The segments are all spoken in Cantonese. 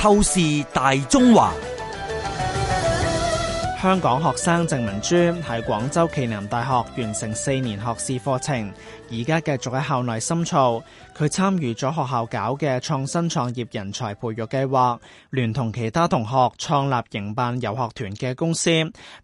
透視大中華。香港學生鄭文珠喺廣州暨南大學完成四年學士課程，而家繼續喺校內深造。佢參與咗學校搞嘅創新創業人才培育計劃，聯同其他同學創立營辦遊學團嘅公司，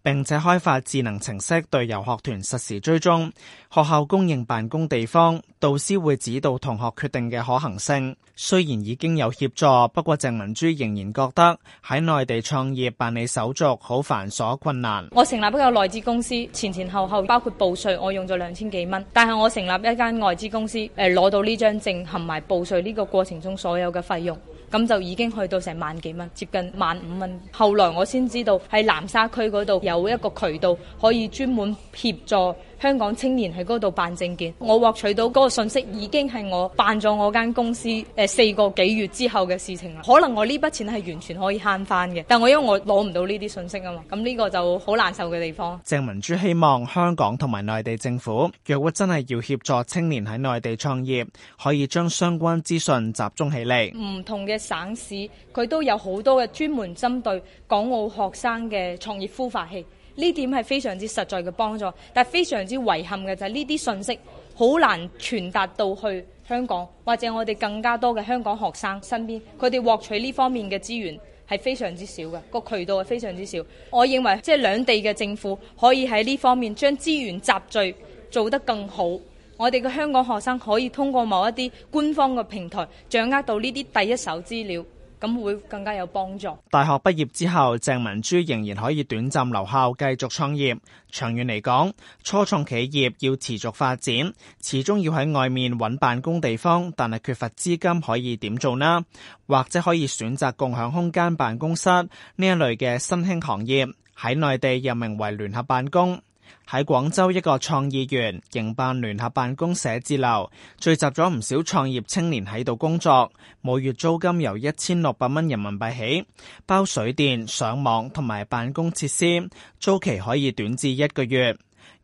並且開發智能程式對遊學團實時追蹤。學校供應辦公地方，導師會指導同學決定嘅可行性。雖然已經有協助，不過鄭文珠仍然覺得喺內地創業辦理手續好繁瑣。困難，我成立一個內資公司，前前後後包括報稅，我用咗兩千幾蚊。但係我成立一間外資公司，誒、呃，攞到呢張證，含埋報稅呢個過程中所有嘅費用，咁就已經去到成萬幾蚊，接近萬五蚊。後來我先知道喺南沙區嗰度有一個渠道可以專門協助。香港青年喺嗰度辦證件，我獲取到嗰個信息，已經係我辦咗我間公司誒、四個幾月之後嘅事情啦。可能我呢筆錢係完全可以慳翻嘅，但我因為我攞唔到呢啲信息啊嘛，咁呢個就好難受嘅地方。鄭文珠，希望香港同埋內地政府，若果真係要協助青年喺內地創業，可以將相關資訊集中起嚟。唔同嘅省市，佢都有好多嘅專門針對港澳學生嘅創業孵化器。呢點係非常之實在嘅幫助，但係非常之遺憾嘅就係呢啲信息好難傳達到去香港，或者我哋更加多嘅香港學生身邊，佢哋獲取呢方面嘅資源係非常之少嘅，個渠道係非常之少。我認為即係兩地嘅政府可以喺呢方面將資源集聚做得更好，我哋嘅香港學生可以通過某一啲官方嘅平台掌握到呢啲第一手資料。咁會更加有幫助。大學畢業之後，鄭文珠仍然可以短暫留校繼續創業。長遠嚟講，初創企業要持續發展，始終要喺外面搵辦公地方，但係缺乏資金可以點做呢？或者可以選擇共享空間辦公室呢一類嘅新興行業，喺內地又名為聯合辦公。喺廣州一個創意園營辦聯合辦公寫字樓，聚集咗唔少創業青年喺度工作。每月租金由一千六百蚊人民幣起，包水電、上網同埋辦公設施，租期可以短至一個月。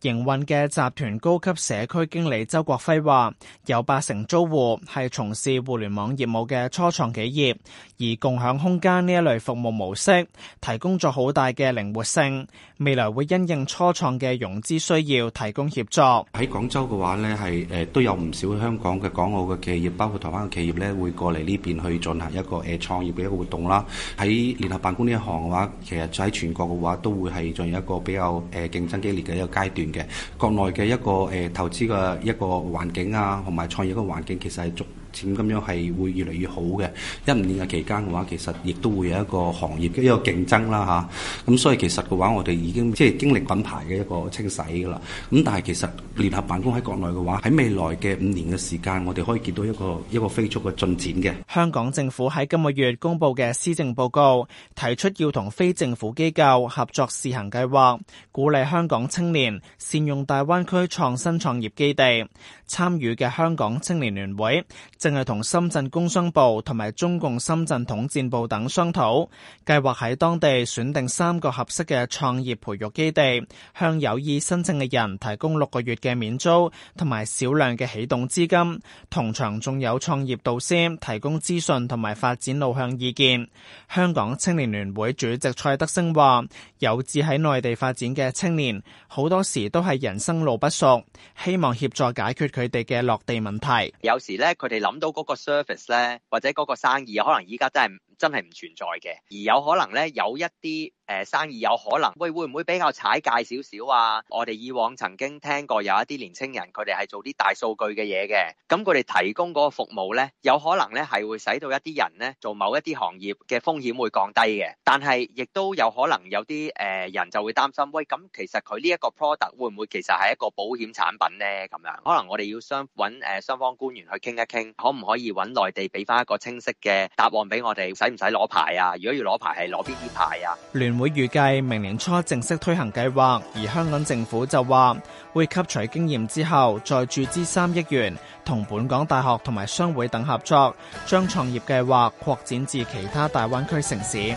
營運嘅集團高級社區經理周國輝話，有八成租戶係從事互聯網業務嘅初創企業，而共享空間呢一類服務模式提供咗好大嘅靈活性，未來會因應初創嘅融資需要提供協助。喺廣州嘅話呢係誒都有唔少香港嘅，港澳嘅企業，包括台灣嘅企業呢會過嚟呢邊去進行一個誒創業嘅一個活動啦。喺聯合辦公呢一行嘅話，其實喺全國嘅話都會係進入一個比較誒競爭激烈嘅一個階段。嘅國內嘅一個、呃、投資嘅一個環境啊，同埋創業嘅環境其實係咁樣樣係會越嚟越好嘅。一五年嘅期間嘅話，其實亦都會有一個行業嘅一個競爭啦。吓咁，所以其實嘅話，我哋已經即係經歷品牌嘅一個清洗㗎啦。咁、嗯、但係其實聯合辦公喺國內嘅話，喺未來嘅五年嘅時間，我哋可以見到一個一個飛速嘅進展嘅。香港政府喺今個月公布嘅施政報告，提出要同非政府機構合作試行計劃，鼓勵香港青年善用大灣區創新創業基地參與嘅香港青年聯會。正係同深圳工商部同埋中共深圳統戰部等商討，計劃喺當地選定三個合適嘅創業培育基地，向有意申請嘅人提供六個月嘅免租同埋少量嘅啟動資金，同場仲有創業導師提供資訊同埋發展路向意見。香港青年聯會主席蔡德升話，有志喺內地發展嘅青年好多時都係人生路不熟，希望協助解決佢哋嘅落地問題。有時咧，佢哋諗。諗到嗰個 service 咧，或者嗰個生意，可能依家真係。真係唔存在嘅。而有可能咧，有一啲誒生意有可能，喂會唔會比較踩界少少啊？我哋以往曾經聽過有一啲年青人佢哋係做啲大數據嘅嘢嘅，咁佢哋提供嗰個服務咧，有可能咧係會使到一啲人咧做某一啲行業嘅風險會降低嘅，但係亦都有可能有啲誒人就會擔心，喂，咁其實佢呢一個 product 會唔會其實係一個保險產品咧？咁樣可能我哋要相揾誒雙方官員去傾一傾，可唔可以揾內地俾翻一個清晰嘅答案俾我哋？使唔使攞牌啊？如果要攞牌，係攞邊啲牌啊？聯會預計明年初正式推行計劃，而香港政府就話會吸取經驗之後，再注資三億元，同本港大學同埋商會等合作，將創業計劃擴展至其他大灣區城市。